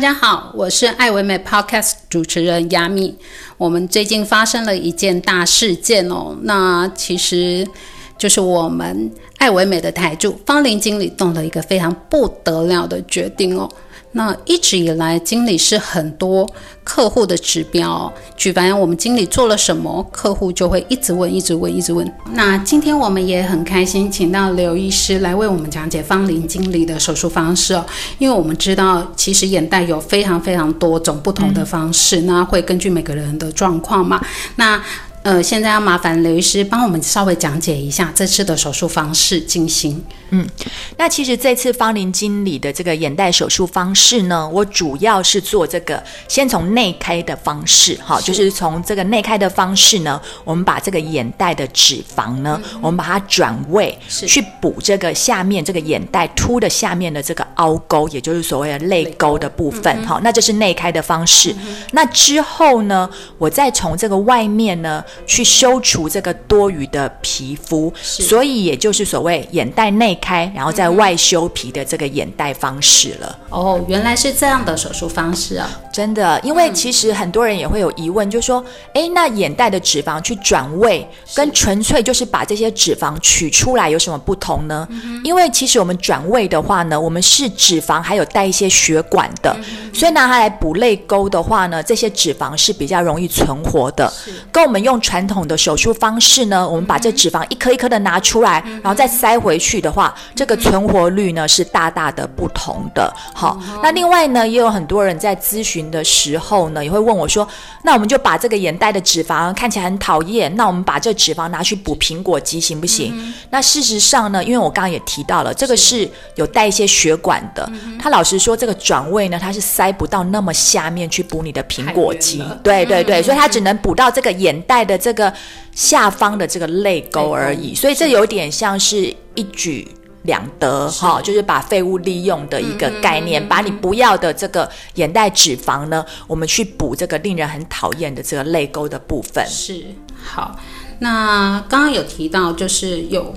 大家好，我是愛惟美 Podcast 主持人雅米。我們最近發生了一件大事件哦，那其實就是我們愛惟美的台柱方林經理動了一個非常不得了的決定哦。那一直以來，經理是很多客戶的指標、哦。舉凡我們經理做了什麼，客戶就會一直問，一直問，一直問。那今天我們也很開心，請到劉醫師來為我們講解 Alin 經理的手術方式哦。因為我們知道，其實眼袋有非常非常多種不同的方式，嗯、那會根據每個人的狀況嘛。那呃，現在要麻煩劉醫師幫我們稍微講解一下這次的手術方式進行。嗯，那其實這次 Alin 經理的這個眼袋手術方式呢，我主要是做這個先從內開的方式，哈，是就是從這個內開的方式呢，我們把這個眼袋的脂肪呢，嗯嗯我們把它轉位是去補這個下面這個眼袋凸的下面的這個凹溝，也就是所謂的淚溝的部分，哈、嗯嗯哦，那就是內開的方式。嗯嗯那之後呢，我再從這個外面呢。去修除這個多餘的皮膚，是所以也就是所謂眼袋內開，嗯、哼然後在外修皮的這個眼袋方式了。哦，原來是這樣的手術方式啊！真的，因為其實很多人也會有疑問，就是、說：誒，那眼袋的脂肪去轉位，跟純粹就是把這些脂肪取出來有什麼不同呢？嗯、哼因為其實我們轉位的話呢，我們是脂肪還有帶一些血管的，嗯、哼所以拿它來補淚溝的話呢，這些脂肪是比較容易存活的，是跟我們用。傳統的手術方式呢，我們把這脂肪一顆一顆的拿出來，然後再塞回去的話，這個存活率呢是大大的不同的。好，那另外呢，也有很多人在諮詢的時候呢，也會問我說：“那我們就把這個眼袋的脂肪看起來很討厭，那我們把這脂肪拿去補蘋果肌行不行？”嗯、哼那事實上呢，因為我剛剛也提到了，是這個是有帶一些血管的。他、嗯、哼老實說，這個轉位呢，它是塞不到那麼下面去補你的蘋果肌。對對對，嗯、哼所以它只能補到這個眼袋。的這個下方的這個淚溝而已，哎、呦所以這有點像是一舉兩得哈是、哦，就是把廢物利用的一個概念，嗯嗯嗯嗯嗯，把你不要的這個眼袋脂肪呢，我們去補這個令人很討厭的這個淚溝的部分。是，好，那剛剛有提到就是有。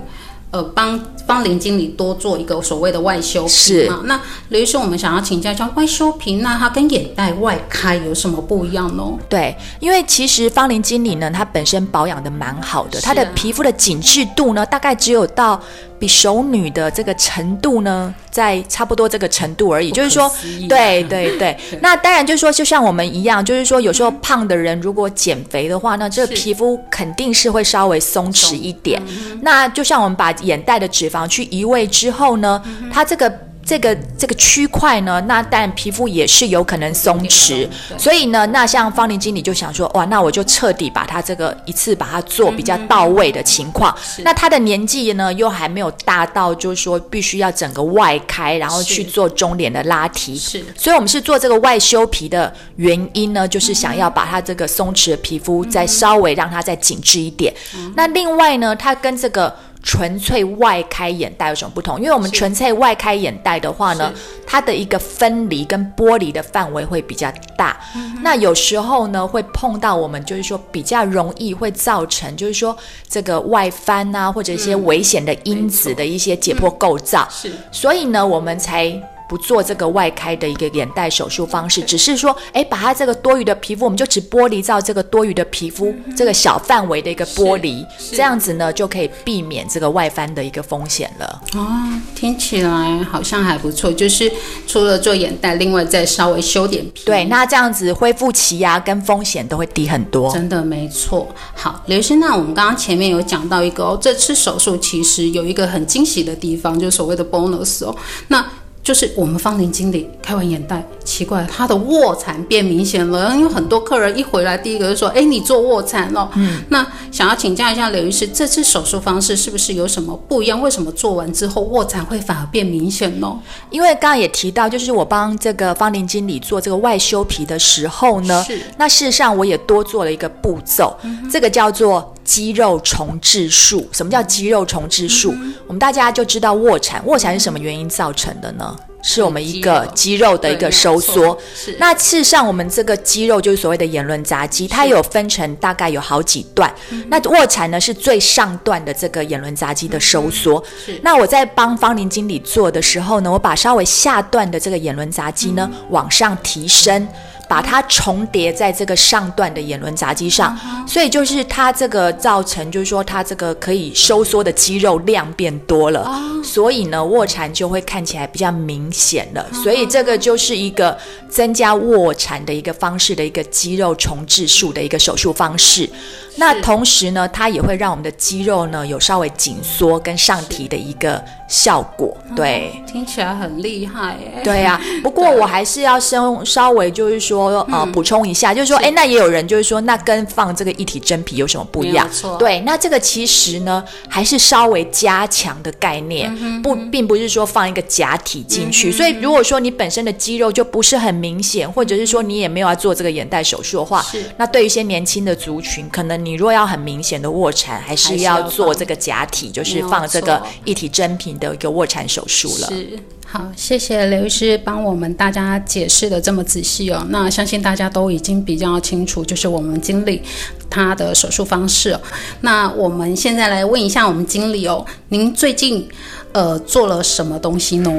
呃，幫方林經理多做一個所謂的外修皮是，那劉醫生，我們想要請教一下外修皮，那它跟眼袋外開有什麼不一樣呢，哦？對，因為其實方林經理呢，她本身保養得蠻好的，啊、她的皮膚的緊緻度呢，大概只有到比熟女的這個程度呢，在差不多這個程度而已。就是說，對對對。對 那當然就是說，就像我們一樣，就是說有時候胖的人如果減肥的話，那是這個皮膚肯定是會稍微鬆弛一點。嗯、那就像我們把。眼袋的脂肪去移位之後呢，mm hmm. 它這個這個這個區塊呢，那但皮膚也是有可能鬆弛，mm hmm. 所以呢，那像 Alin 經理就想說，哇，那我就徹底把它這個一次把它做比較到位的情況。Mm hmm. 那他的年紀呢又還沒有大到，就是說必須要整個外開，然後去做中臉的拉提。是、mm hmm. 所以我們是做這個外修皮的原因呢，就是想要把它這個鬆弛的皮膚再稍微讓它再緊緻一點。Mm hmm. 那另外呢，它跟這個。純粹外開眼袋有什麼不同？因為我們純粹外開眼袋的話呢，它的一個分離跟剝離的範圍會比較大。嗯哼、那有時候呢，會碰到我們就是說比較容易會造成，就是說這個外翻啊，或者一些危險的因子的一些解剖構造。嗯嗯、所以呢，我們才不做這個外開的一個眼袋手術方式，只是說，哎、欸，把它這個多餘的皮膚，我們就只剝離到這個多餘的皮膚，嗯、哼這個小範圍的一個剝離，這樣子呢，就可以避免這個外翻的一個風險了。哦、啊，聽起來好像還不錯。就是除了做眼袋，另外再稍微修點皮。對，那這樣子恢復期啊跟風險都會低很多。真的沒錯。好，劉醫生，那我們剛剛前面有講到一個哦，這次手術其實有一個很驚喜的地方，就所謂的 bonus 哦，那。就是我們 Alin 經理開完眼袋，奇怪，她的臥蠶變明顯了。因為很多客人一回來，第一個就說：“誒，你做臥蠶了。”嗯，那想要請教一下劉醫師，這次手術方式是不是有什麼不一樣？為什麼做完之後臥蠶會反而變明顯呢、哦？因為剛剛也提到，就是我幫這個 Alin 經理做這個外修皮的時候呢，是那事實上我也多做了一個步驟，嗯、哼這個叫做。肌肉重置術，什麼叫肌肉重置術？嗯嗯我們大家就知道臥蠶，臥蠶是什麼原因造成的呢？嗯、是我們一個肌肉,肌肉的一個收縮。嗯、是那事實上，我們這個肌肉就是所謂的眼輪匝肌，它有分成大概有好幾段。是那臥蠶呢是最上段的這個眼輪匝肌的收縮。嗯嗯是那我在幫 Alin 經理做的時候呢，我把稍微下段的這個眼輪匝肌呢、嗯、往上提升。嗯把它重疊在這個上段的眼輪匝肌上，嗯、哼所以就是它這個造成，就是說它這個可以收縮的肌肉量變多了，嗯、哼所以呢臥蠶就會看起來比較明顯了。嗯、哼所以這個就是一個增加臥蠶的一個方式的一個肌肉重置術的一個手術方式。是那同時呢，它也會讓我們的肌肉呢有稍微緊縮跟上提的一個效果。是對，聽起來很厲害哎、欸。對呀、啊，不過我還是要先稍微就是說。嗯、呃，補充一下，就是說，哎是、欸，那也有人就是說，那跟放這個一體真皮有什麼不一樣？對，那這個其實呢，還是稍微加強的概念，嗯、哼不，並不是說放一個假體進去。嗯、哼所以，如果說你本身的肌肉就不是很明顯，或者是說你也沒有要做這個眼袋手術的話，是那對於一些年輕的族群，可能你若要很明顯的臥蠶，還是要做這個假體，是就是放這個一體真皮的一個臥蠶手術了。是，好，謝謝劉醫師幫我們大家解釋的這麼仔細哦。那相信大家都已經比較清楚，就是我們經理他的手術方式哦。那我們現在來問一下我們經理哦，您最近呃做了什麼東西呢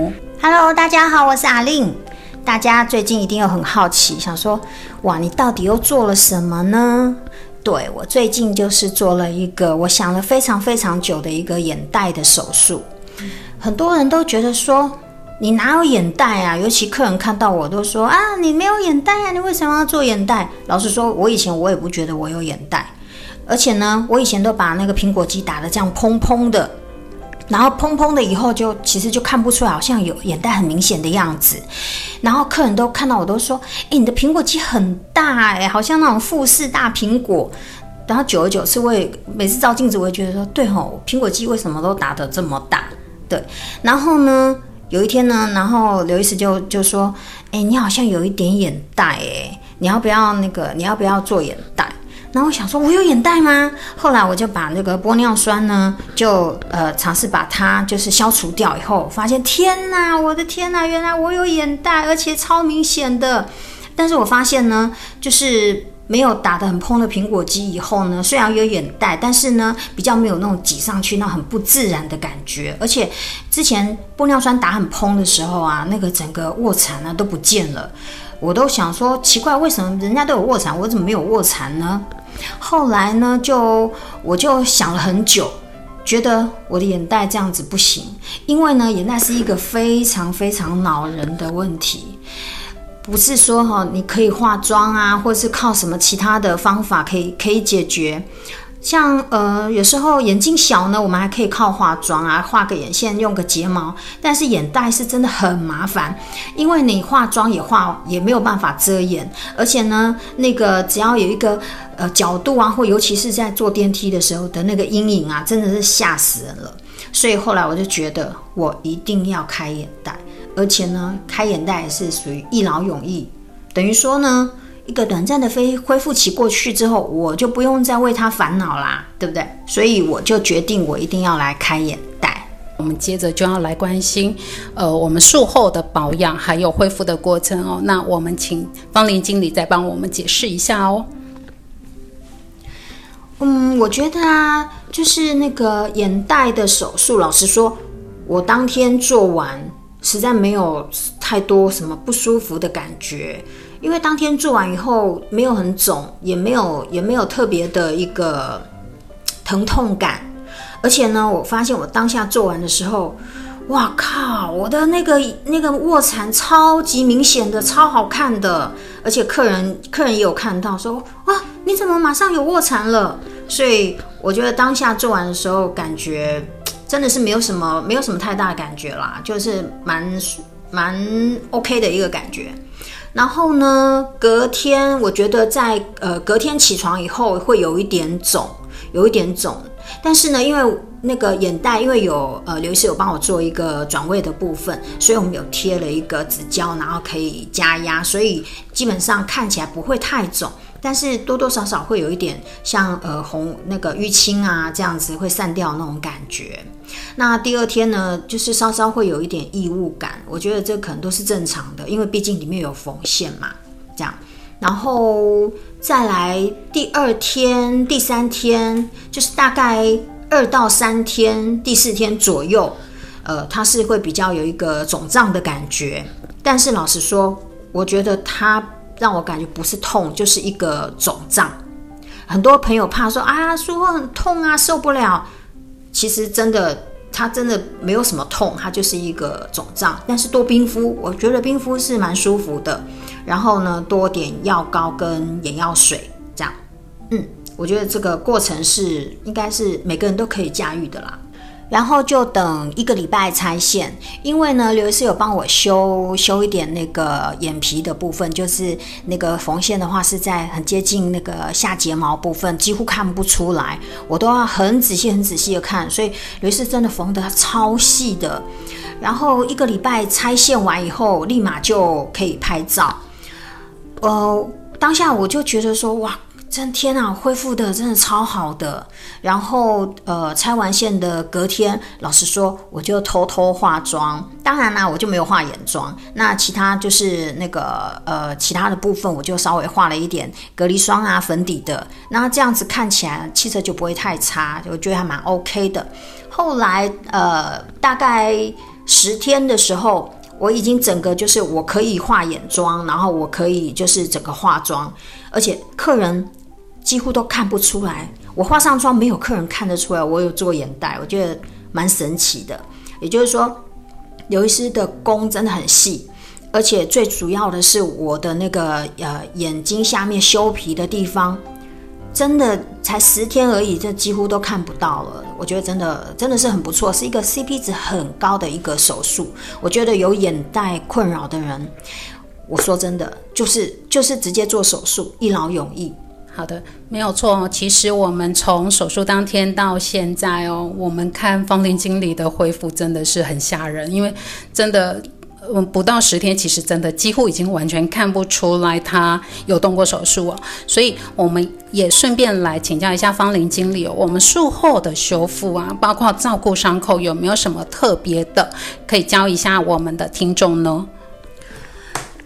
？Hello，大家好，我是 Alin。大家最近一定又很好奇，想說，哇，你到底又做了什麼呢？對，我最近就是做了一個，我想了非常非常久的一個眼袋的手術。很多人都覺得說，你哪有眼袋啊？尤其客人看到我都說啊，你沒有眼袋啊，你為什麼要做眼袋？老實說，我以前我也不覺得我有眼袋，而且呢，我以前都把那個蘋果肌打得這樣蓬蓬的，然後蓬蓬的以後就其實就看不出來，好像有眼袋很明顯的樣子。然後客人都看到我都說，哎、欸，你的蘋果肌很大誒、欸，好像那種富士大蘋果。然後久而久之我也每次照鏡子我也覺得說，對哦，蘋果肌為什麼都打得這麼大？對，然後呢？有一天呢，然後劉醫師就就說：“哎，你好像有一點眼袋，哎，你要不要那個？你要不要做眼袋？”然後我想說：“我有眼袋嗎？”後來我就把那個玻尿酸呢，就呃嘗試把它就是消除掉以後，發現天哪，我的天哪，原來我有眼袋，而且超明顯的。但是我發現呢，就是。沒有打得很蓬的蘋果肌以後呢，雖然有眼袋，但是呢比較沒有那種擠上去那很不自然的感覺。而且之前玻尿酸打很蓬的時候啊，那個整個臥蠶呢、啊、都不見了，我都想說奇怪，為什麼人家都有臥蠶，我怎麼沒有臥蠶呢？後來呢就我就想了很久，覺得我的眼袋這樣子不行，因為呢眼袋是一個非常非常惱人的問題。不是說哈，你可以化妝啊，或是靠什麼其他的方法可以可以解決。像呃，有時候眼睛小呢，我們還可以靠化妝啊，畫個眼線，用個睫毛。但是眼袋是真的很麻煩，因為你化妝也化，也沒有辦法遮掩。而且呢，那個只要有一個呃角度啊，或尤其是在坐電梯的時候的那個陰影啊，真的是嚇死人了。所以後來我就覺得，我一定要開眼袋。而且呢，開眼袋也是屬於一勞永逸，等於說呢，一個短暫的恢恢復期過去之後，我就不用再為它煩惱啦，對不對？所以我就決定，我一定要來開眼袋。我們接着就要來關心，呃，我們術後的保養還有恢復的過程哦。那我們請 Alin 經理再幫我們解釋一下哦。嗯，我覺得啊，就是那個眼袋的手術，老實說，我當天做完。實在沒有太多什麼不舒服的感覺，因為當天做完以後沒有很腫，也沒有也沒有特別的一個疼痛感，而且呢，我發現我當下做完的時候，哇靠，我的那個那個臥蠶超級明顯的，超好看的，而且客人客人也有看到說，哇，你怎麼馬上有臥蠶了？所以我覺得當下做完的時候感覺，真的是沒有什麼，沒有什麼太大的感覺啦，就是蠻蠻 OK 的一個感覺。然後呢，隔天我覺得在呃隔天起床以後會有一點腫，有一點腫。但是呢，因為那個眼袋，因為有呃劉醫師有幫我做一個轉位的部分，所以我們有貼了一個紙膠，然後可以加壓，所以基本上看起來不會太腫。但是多多少少會有一點像呃紅那個淤青啊這樣子會散掉那種感覺。那第二天呢，就是稍稍會有一點異物感，我覺得這可能都是正常的，因為畢竟裡面有縫線嘛，這樣。然後再來第二天、第三天，就是大概二到三天、第四天左右，呃，它是會比較有一個腫脹的感覺。但是老實說，我覺得它讓我感覺不是痛，就是一個腫脹。很多朋友怕說啊，術後很痛啊，受不了。其實真的，它真的沒有什麼痛，它就是一個腫脹。但是多冰敷，我覺得冰敷是蠻舒服的。然後呢，多點藥膏跟眼藥水這樣。嗯，我覺得這個過程是應該是每個人都可以駕馭的啦。然後就等一個禮拜拆線，因為呢，劉醫師有幫我修修一點那個眼皮的部分，就是那個縫線的話是在很接近那個下睫毛部分，幾乎看不出來，我都要很仔細、很仔細的看，所以劉醫師真的縫得超細的。然後一個禮拜拆線完以後，立馬就可以拍照。呃，當下我就覺得說，哇！三天啊，恢復的真的超好的。然後呃，拆完線的隔天，老實說，我就偷偷化妝。當然啦，我就沒有化眼妝。那其他就是那個呃，其他的部分，我就稍微化了一點隔離霜啊、粉底的。那這樣子看起來氣色就不會太差，我覺得還蠻 OK 的。後來呃，大概十天的時候，我已經整個就是我可以化眼妝，然後我可以就是整個化妝，而且客人，幾乎都看不出來，我化上妝沒有客人看得出來我有做眼袋，我覺得蠻神奇的。也就是說，劉醫師的功真的很細，而且最主要的是我的那個呃眼睛下面修皮的地方，真的才十天而已，這幾乎都看不到了。我覺得真的真的是很不錯，是一個 CP 值很高的一個手術。我覺得有眼袋困擾的人，我說真的就是就是直接做手術一勞永逸。好的，沒有錯，其實我們從手術當天到現在哦，我們看 Alin 經理的恢復真的是很嚇人，因為真的，嗯，不到十天，其實真的幾乎已經完全看不出來他有動過手術哦，所以我們也順便來請教一下 Alin 經理哦，我們術後的修復啊，包括照顧傷口，有沒有什麼特別的可以教一下我們的聽眾呢？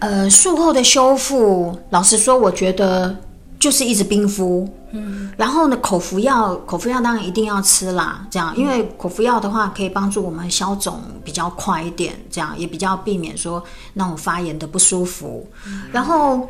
呃，術後的修復，老實說，我覺得。就是一直冰敷，嗯，然後呢，口服藥，口服藥當然一定要吃啦，這樣，因為口服藥的話可以幫助我們消腫比較快一點，這樣也比較避免說那種發炎的不舒服。嗯。然後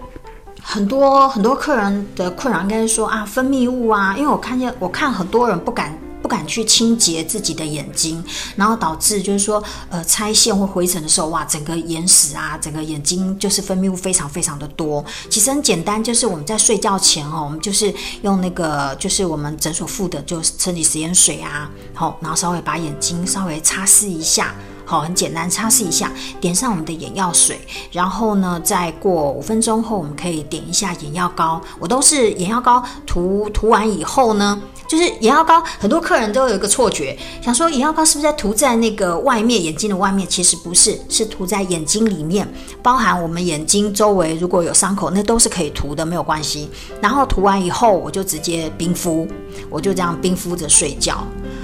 很多很多客人的困擾應該是說啊，分泌物啊，因為我看見我看很多人不敢。不敢去清潔自己的眼睛，然後導致就是說，呃，拆線或灰塵的時候，哇，整個眼屎啊，整個眼睛就是分泌物非常非常的多。其實很簡單，就是我們在睡覺前哈、哦，我們就是用那個，就是我們診所附的就是生理食鹽水啊，好，然後稍微把眼睛稍微擦拭一下，好，很簡單，擦拭一下，點上我們的眼藥水，然後呢，再過五分鐘後，我們可以點一下眼藥膏。我都是眼藥膏塗塗完以後呢。就是眼藥膏，很多客人都有一個錯覺，想說眼藥膏是不是在塗在那個外面，眼睛的外面？其實不是，是塗在眼睛裡面，包含我們眼睛周圍如果有傷口，那都是可以塗的，沒有關係。然後塗完以後，我就直接冰敷，我就這樣冰敷着睡覺。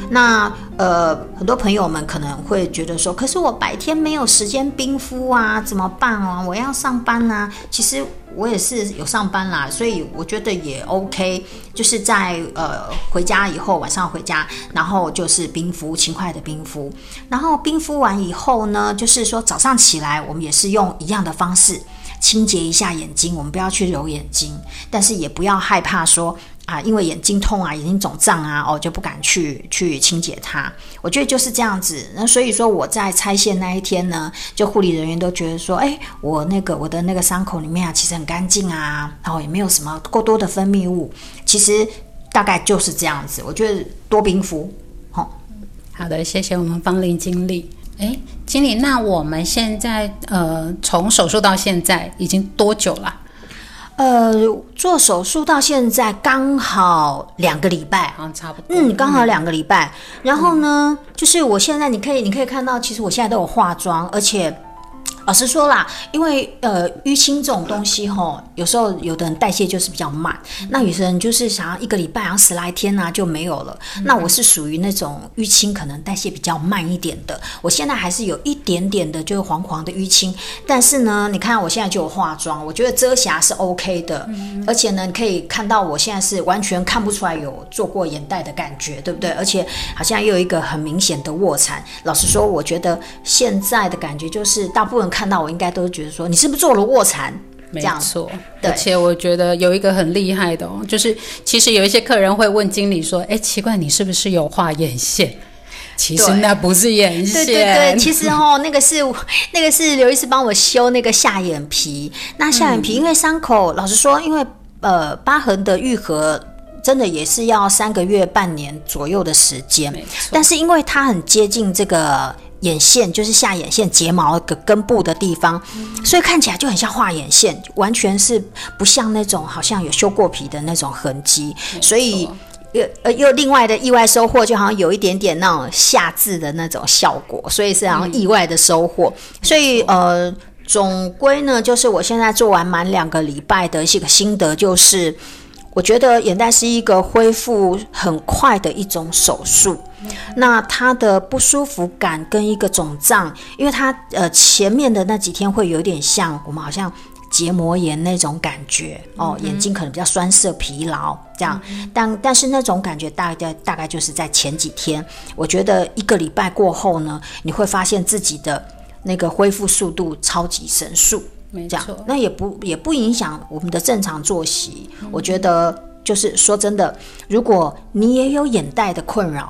那呃，很多朋友們可能會覺得說，可是我白天沒有時間冰敷啊，怎麼辦啊？我要上班啊。其實。我也是有上班啦，所以我覺得也 OK。就是在呃回家以後，晚上回家，然後就是冰敷，勤快的冰敷。然後冰敷完以後呢，就是說早上起來，我們也是用一樣的方式清潔一下眼睛，我們不要去揉眼睛，但是也不要害怕說。啊，因為眼睛痛啊，眼睛腫脹啊，哦，就不敢去去清潔它。我覺得就是這樣子。那所以說我在拆線那一天呢，就護理人員都覺得說，哎，我那個我的那個傷口裡面啊，其實很乾淨啊，然、哦、後也沒有什麼過多的分泌物。其實大概就是這樣子。我覺得多冰敷。好、哦，好的，謝謝我們 Alin 經理。哎，經理，那我們現在呃，從手術到現在已經多久了啊？呃，做手術到現在剛好兩個禮拜，啊，差不多，嗯，剛好兩個禮拜。嗯、然後呢，嗯、就是我現在你可以你可以看到，其實我現在都有化妝，而且。老實說啦，因為呃淤青這種東西吼，有時候有的人代謝就是比較慢，那有些人就是想要一個禮拜啊十來天啊就沒有了。那我是屬於那種淤青可能代謝比較慢一點的，我現在還是有一點點的，就是黃黃的淤青。但是呢，你看我現在就有化妝，我覺得遮瑕是 OK 的，而且呢，你可以看到我現在是完全看不出來有做過眼袋的感覺，對不對？而且好像又有一個很明顯的臥蠶。老實說，我覺得現在的感覺就是大部。不能看到我，應該都覺得說你是不是做了臥蠶？沒錯，對，而且我覺得有一個很厲害的喔，就是其實有一些客人會問經理說：“哎、欸，奇怪，你是不是有畫眼線？”其實那不是眼線，對，對對對，嗯，其實哦，那個是那個是劉醫師幫我修那個下眼皮。那下眼皮因為傷口，嗯，老實說，因為呃疤痕的愈合。真的也是要三個月、半年左右的時間，沒錯，但是因為它很接近這個眼線，就是下眼線睫毛的根部的地方，嗯、所以看起來就很像畫眼線，完全是不像那種好像有修過皮的那種痕跡，沒錯，所以又呃又另外的意外收穫，就好像有一點點那種下至的那種效果，所以是然後意外的收穫，嗯、所以沒錯，呃總歸呢，就是我現在做完滿兩個禮拜的一些心得就是。我覺得眼袋是一個恢復很快的一種手術，那它的不舒服感跟一個腫脹，因為它呃前面的那幾天會有點像我們好像結膜炎那種感覺哦，眼睛可能比較酸澀、疲勞這樣，但但是那種感覺大概大概就是在前幾天，我覺得一個禮拜過後呢，你會發現自己的那個恢復速度超級神速。這樣沒錯，那也不也不影響我們的正常作息。嗯，我覺得，就是說真的，如果你也有眼袋的困擾，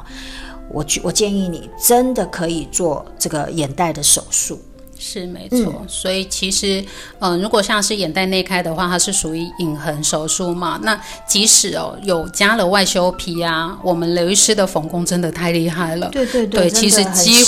我我建議你真的可以做這個眼袋的手術。是沒錯，嗯、所以其實，嗯、呃，如果像是眼袋內開的話，它是屬於隱痕手術嘛。那即使哦有加了外修皮啊，我們劉醫師的縫工真的太厲害了。對對對，對的其實幾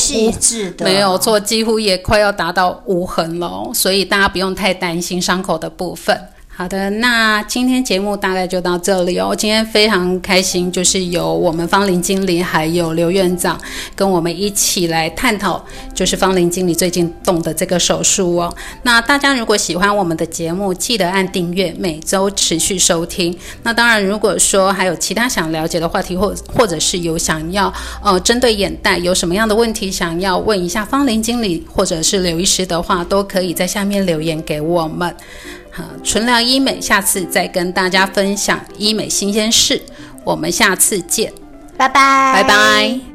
乎沒有錯，幾乎也快要達到無痕了，哦。所以大家不用太擔心傷口的部分。好的，那今天節目大概就到這裡哦。今天非常開心，就是由我們 Alin 經理還有劉院長跟我們一起來探討，就是 Alin 經理最近動的這個手術哦。那大家如果喜歡我們的節目，記得按訂閱，每周持續收聽。那當然，如果說還有其他想了解的話題，或或者是有想要呃針對眼袋有什麼樣的問題想要問一下 Alin 經理或者是劉醫師的話，都可以在下面留言給我們。好，純聊醫美，下次再跟大家分享醫美新鮮事。我們下次見，拜拜 bye，拜拜。